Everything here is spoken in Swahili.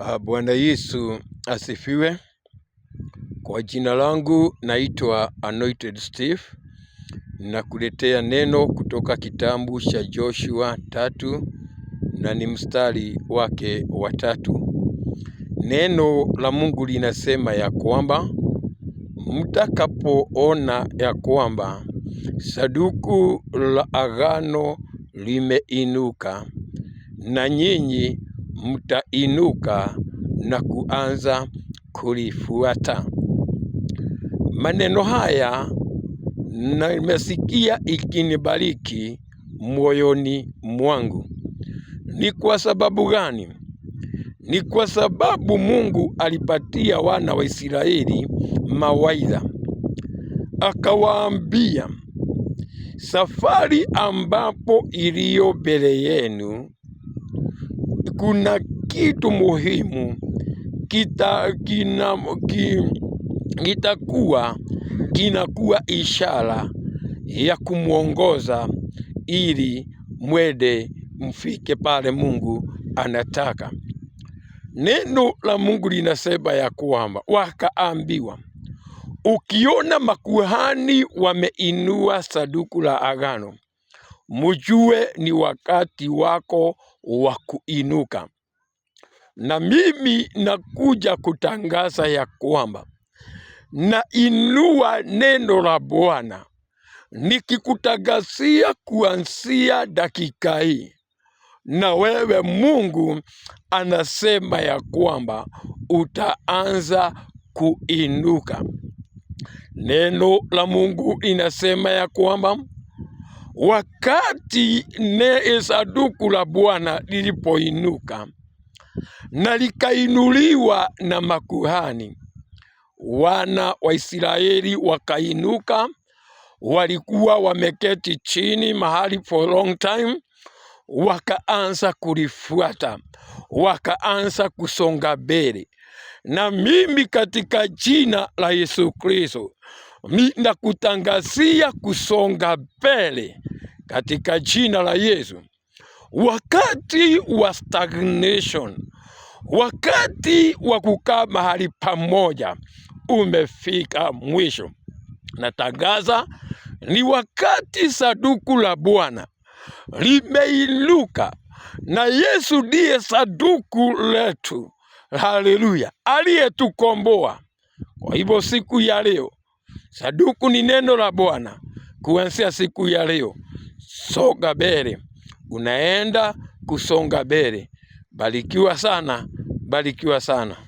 Ah, Bwana Yesu asifiwe. Kwa jina langu naitwa Anointed Steve, nakuletea neno kutoka kitabu cha Joshua tatu na ni mstari wake wa tatu. Neno la Mungu linasema ya kwamba mtakapoona ya kwamba saduku la agano limeinuka na nyinyi mtainuka na kuanza kulifuata. Maneno haya nimesikia ikinibariki moyoni mwangu. Ni kwa sababu gani? Ni kwa sababu Mungu alipatia wana wa Israeli mawaidha, akawaambia safari ambapo iliyo mbele yenu kuna kitu muhimu kita kina kitakuwa kinakuwa ishara ya kumwongoza ili mwende mfike pale Mungu anataka. Neno la Mungu linasema ya kwamba wakaambiwa, ukiona makuhani wameinua saduku la agano mjue ni wakati wako wa kuinuka. Na mimi nakuja kutangaza ya kwamba nainua neno la Bwana nikikutangazia kuanzia dakika hii, na wewe Mungu anasema ya kwamba utaanza kuinuka. Neno la Mungu linasema ya kwamba Wakati ne esaduku la Bwana lilipoinuka na likainuliwa na makuhani, wana wa Israeli wakainuka. Walikuwa wameketi chini mahali for long time, wakaanza kulifuata, wakaanza kusonga mbele. Na mimi katika jina la Yesu Kristo, mimi nakutangazia kusonga mbele katika jina la Yesu. Wakati wa stagnation, wakati wa kukaa mahali pamoja umefika mwisho. Natangaza ni wakati sanduku la Bwana limeinuka, na Yesu ndiye sanduku letu. Haleluya, aliyetukomboa. Kwa hivyo siku ya leo, sanduku ni neno la Bwana kuanzia siku ya leo soga mbele, unaenda kusonga mbele. Barikiwa sana, barikiwa sana.